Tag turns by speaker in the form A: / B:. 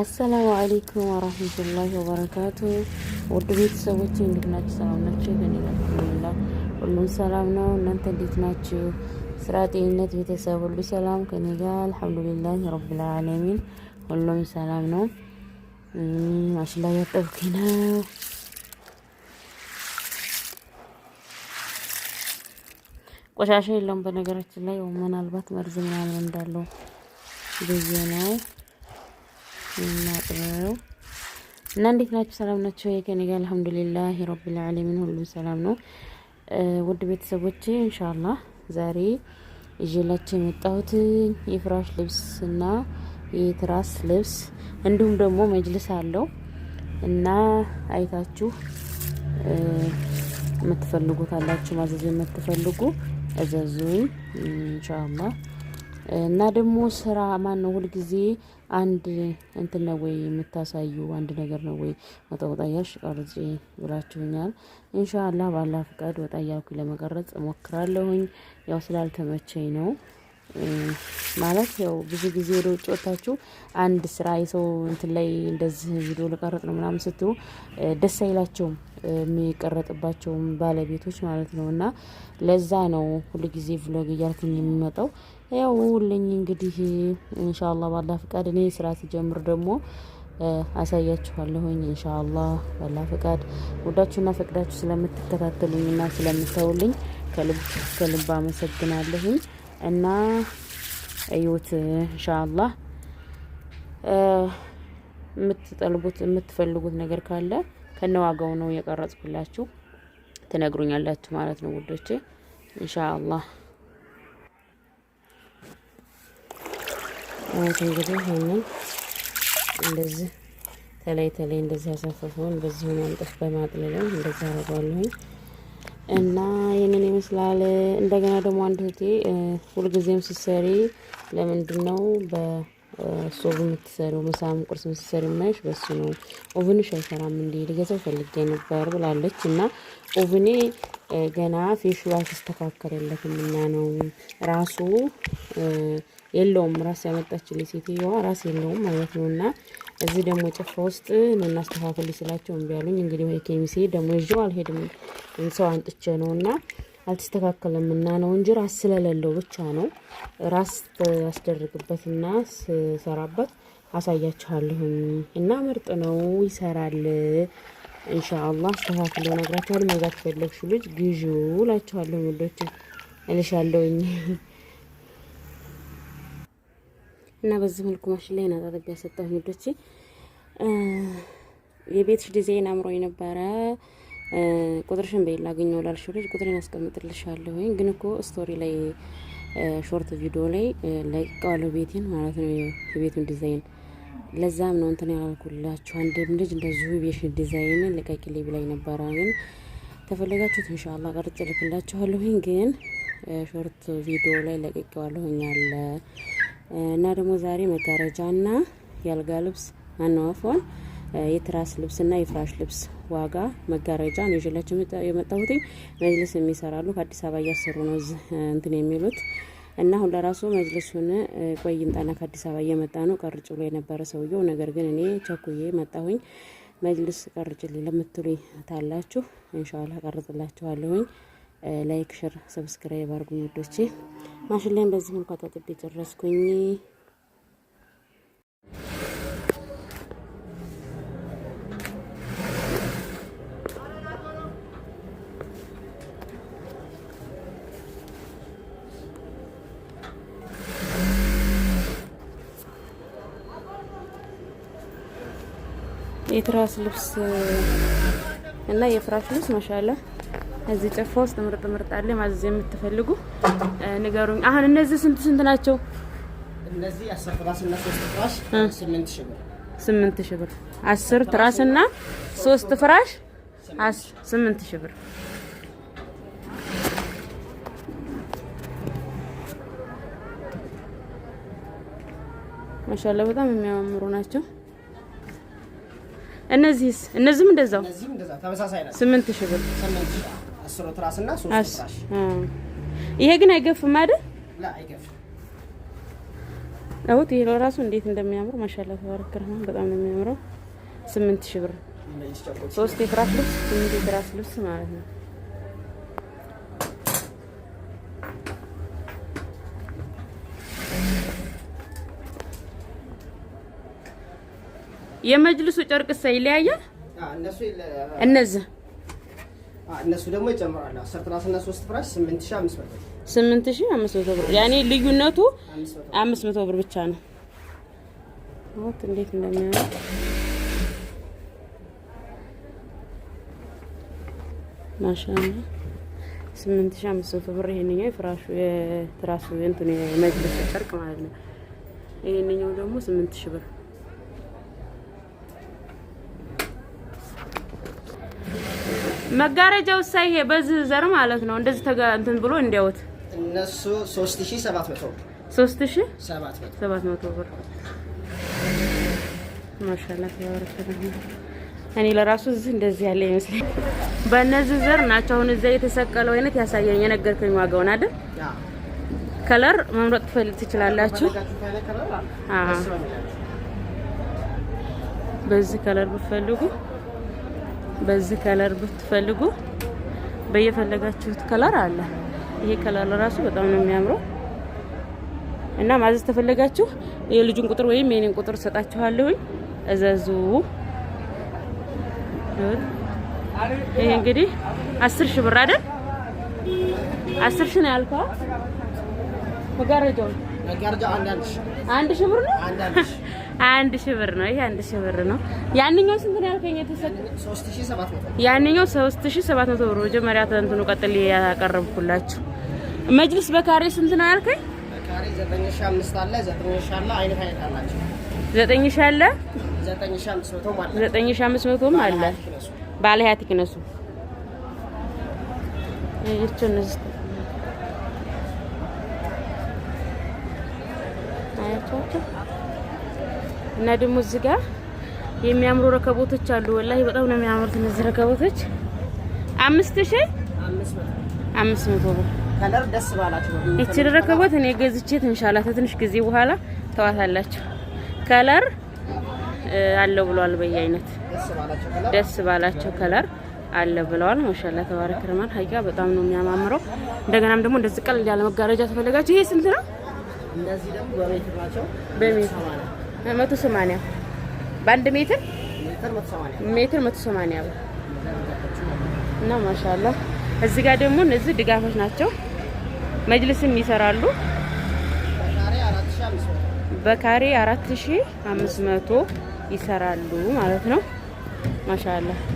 A: አሰላሙ አሌይኩም ወራህመቱላሂ ወበረካቱ። ውድ ቤተሰቦች እንዴት ናችሁ? ሰላም ናችሁ? እኔ አልሐምዱሊላህ ሁሉም ሰላም ነው። እናንተ እንዴት ናችሁ? ስራ፣ ጤንነት፣ ቤተሰብ ሁሉ ሰላም ከኔ ጋር አልሐምዱሊላህ ረብል ዓለሚን ሁሉም ሰላም ነው። ማሽላ እያጠብኩኝ ነው። ቆሻሻ የለውም በነገራችን ላይ ምናልባት መርዝ ምናምን እንዳለው ብዬ ነው የማጥበው እና እንዴት ናችሁ? ሰላም ናቸው የከኔ ጋር አልሐምዱሊላህ ረቢል ዓለሚን ሁሉም ሰላም ነው። ውድ ቤተሰቦቼ ኢንሻአላህ ዛሬ ይዤላችሁ የመጣሁት የፍራሽ ልብስ እና የትራስ ልብስ እንዲሁም ደግሞ መጅልስ አለው እና አይታችሁ የምትፈልጉት አላችሁ ማዘዝ የምትፈልጉ እዘዙኝ ኢንሻአላህ እና ደግሞ ስራ ማን ነው ሁልጊዜ አንድ እንትን ነው ወይ የምታሳዩ አንድ ነገር ነው ወይ ወጣ ወጣ እያልሽ ቀርጪ ብላችሁኛል። ኢንሻአላህ ባላ ፍቃድ ወጣ እያልኩኝ ለመቀረጽ ሞክራለሁኝ። ያው ስላልተመቸኝ ነው ማለት ያው ብዙ ጊዜ ወደ ውጭ ወታችሁ አንድ ስራ የሰው እንትን ላይ እንደዚህ ቪዲዮ ልቀረጥ ነው ምናምን ስትሉ ደስ አይላቸውም የሚቀረጥባቸውም ባለቤቶች ማለት ነው። እና ለዛ ነው ሁልጊዜ ቪሎግ እያልኩኝ የሚመጣው ያው ውልኝ እንግዲህ ኢንሻአላህ ባላ ፍቃድ እኔ ስራ ሲጀምር ደግሞ አሳያችኋለሁኝ። ኢንሻአላህ ባላ ፍቃድ ወዳችሁና ፈቅዳችሁ ስለምትከታተሉኝና ስለምታውልኝ ከልብ ከልብ አመሰግናለሁኝ እና እዩት ኢንሻአላህ የምትጠልቡት የምትፈልጉት ነገር ካለ ከነዋጋው ነው የቀረጽኩላችሁ፣ ትነግሩኛላችሁ ማለት ነው ውዶቼ ኢንሻአላህ። አሁን እንግዲህ ይሄንን እንደዚህ ተለይ ተለይ እንደዚህ ያሳፈፈውን በዚህ ማንጠፍ በማጥለለው እንደዚህ እና ይህንን ይመስላል። እንደገና ደግሞ አንድ እህቴ ሁልጊዜም ስትሰሪ ለምንድን ነው በስቶቭ የምትሰሪው? ምሳም ቁርስ ስትሰሪ የማይሽ በሱ ነው አይሰራም ልገዛው ፈልጌ ነበር ብላለች። እና ገና ፌሽሉ አልተስተካከለለትም እና ነው ራሱ የለውም ራስ ያመጣችልኝ ሴትዮዋ ራስ የለውም ማለት ነው። እና እዚህ ደግሞ ጭፍራ ውስጥ እናስተካከል ስላቸው እምቢ አሉኝ። እንግዲህ ወይ ኬሚሴ ደግሞ ይዤው አልሄድም ሰው አንጥቼ ነው እና አልተስተካከለም እና ነው እንጂ ራስ ስለሌለው ብቻ ነው። ራስ አስደርግበትና ስሰራበት አሳያችኋለሁኝ እና ምርጥ ነው፣ ይሰራል። ኢንሻአላህ አስተካክለው ነግራችኋለሁ። መግዛት የፈለግሽው ልጅ ግዢው እላችኋለሁ። ወዶች እልሻለሁኝ። እና በዚህ መልኩ ማሽን ላይ ናጣጠብ ያሰጠሁ ሚዶቼ የቤትሽ ዲዛይን አምሮ የነበረ ቁጥርሽን በሌላ አገኘው ላልሽ ልጅ ቁጥሬን አስቀምጥልሻለሁ። ግን እኮ ስቶሪ ላይ ሾርት ቪዲዮ ላይ ለቀዋለሁ ቤቴን ማለት ነው የቤቱን ዲዛይን ለዛም ነው እንትን ያልኩላችሁ። አንድም ልጅ እንደዚሁ የሽን ዲዛይንን ልቀቂልኝ ብላኝ ነበረ። ግን ተፈለጋችሁት ኢንሻአላህ ቀርጬ ልክላችኋለሁኝ። ግን ሾርት ቪዲዮ ላይ ለቅቄዋለሁኝ አለ እና ደግሞ ዛሬ መጋረጃና የአልጋ ልብስ አናዋፏን የትራስ ልብስና የፍራሽ ልብስ ዋጋ መጋረጃ ነው ይዤላቸው የመጣሁትኝ። መጅልስ የሚሰራሉ ከአዲስ አበባ እያሰሩ ነው እንትን የሚሉት እና አሁን ለራሱ መጅልሱን ቆይ እንጣና ከአዲስ አበባ እየመጣ ነው ቀርጭ ብሎ የነበረ ሰውየው። ነገር ግን እኔ ቸኩዬ መጣሁኝ። መጅልስ ቀርጭልኝ ለምትሉኝ ታላችሁ እንሻላ ቀርጽላችኋለሁኝ። ላይክ፣ ሽር፣ ሰብስክራይብ አርጉኝ ውዶቼ። ማሽላይን በዚህ መልኩ አጣጥቤ ጨረስኩኝ። የትራስ ልብስ እና የፍራሽ ልብስ ማሻላ እዚህ ጨፋ ውስጥ ምርጥ ምርጥ አለ። ማዘዝ የምትፈልጉ ንገሩኝ። አሁን እነዚህ ስንት ስንት ናቸው?
B: እነዚህ 10 ትራስና ፍራሽ 8 ብር፣
A: 8000 ብር። 10 ትራስና 3 ፍራሽ 8000 ብር። ማሻላ በጣም የሚያማምሩ ናቸው። እነዚህስ? እነዚህም እንደዛው 8000
B: ብር አስር ትራስ እና ሶስት ትራስ።
A: ይሄ ግን አይገፍም አይደል? አውት ይሄ እንዴት እንደሚያምር ማሻላ ተባረክ ረህማን፣ በጣም ነው የሚያምረው። ስምንት ሺህ ብር ሶስት የትራስ ልብስ ስምንት የትራስ ልብስ ማለት ነው። የመጅልሱ ይለያያል። እነዚህ
B: እነሱ ደግሞ ይጨምራሉ። 10 ትራስ እና 3 ፍራሽ 8500
A: 8500 ብር ያኔ ልዩነቱ መቶ ብር ብቻ ነው። ወጥ እንዴት እንደሚያምር ማሻአላ መቶ ብር። ይሄንኛው የፍራሹ የትራሱ እንትኑ የመጅልስ ጨርቅ ማለት ነው። ይሄንኛው ደግሞ 8000 ብር መጋረጃው ሳይ ይሄ በዚህ ዘር ማለት ነው። እንደዚህ ተጋ እንትን ብሎ እንዲያውት
B: እነሱ 3700 ብር 3700
A: ብር ማሻአላ ተባረከ። እኔ ለራሱ እዚህ እንደዚህ ያለ ይመስል በእነዚህ ዘር ናቸው። አሁን እዚያ የተሰቀለው አይነት ያሳየኝ የነገርከኝ ዋጋውን አይደል? ከለር መምረጥ ትፈልግ ትችላላችሁ። አዎ በዚህ ከለር ብትፈልጉ በዚህ ከለር ብትፈልጉ በየፈለጋችሁት ከለር አለ። ይሄ ከለር ራሱ በጣም ነው የሚያምረው እና ማዘዝ ተፈለጋችሁ የልጁን ቁጥር ወይም የኔን ቁጥር ሰጣችኋለሁኝ፣ እዘዙ። ይሄ እንግዲህ አስር ሺህ ብር አይደል? አስር ሺህ ነው ያልከው። መጋረጃውን መጋረጃ አንድ ሺህ ብር ነው። አንድ ሺህ ብር ነው። ይሄ አንድ ሺህ ብር ነው። ያንኛው ስንት ነው ያልከኝ? የተሰጠው
B: 3700
A: ያንኛው 3700 ብር። መጀመሪያ ተንትኑ ቀጥል ያቀረብኩላችሁ መጅልስ በካሬ ስንት ነው ያልከኝ?
B: በካሬ 9500 አለ፣ 9000 አለ፣ አይነት አይነት አለ፣
A: ባለ ሀያ ቲክነሱ እና ደግሞ እዚህ ጋር የሚያምሩ ረከቦቶች አሉ። ወላሂ በጣም ነው የሚያምሩት እነዚህ ረከቦቶች። አምስት ሺ አምስት መቶ ብር
B: ከለር ደስ ባላችሁ።
A: እቺ ረከቦት እኔ ገዝቼት ኢንሻአላህ ከትንሽ ጊዜ በኋላ ተዋታላችሁ። ከለር አለው ብለዋል። በየአይነት ደስ ባላችሁ ከለር አለ ብለዋል። ማሻአላ ተባረክ ረህማን ሀቂቃ በጣም ነው የሚያማምረው። እንደገናም ደግሞ እንደዚህ ቀለል ያለ መጋረጃ ተፈለጋችሁ ይሄ ስንት ነው?
B: እንደዚህ ደግሞ በሜትር ናቸው
A: በሜትር መቶ ሰማንያ በአንድ ሜትር ሜትር መቶ ሰማንያ ብር ነው። ማሻላ እዚህ ጋር ደግሞ እነዚህ ድጋፎች ናቸው። መጅልስም ይሰራሉ። በካሬ አራት ሺህ አምስት መቶ ይሰራሉ ማለት ነው። ማሻላ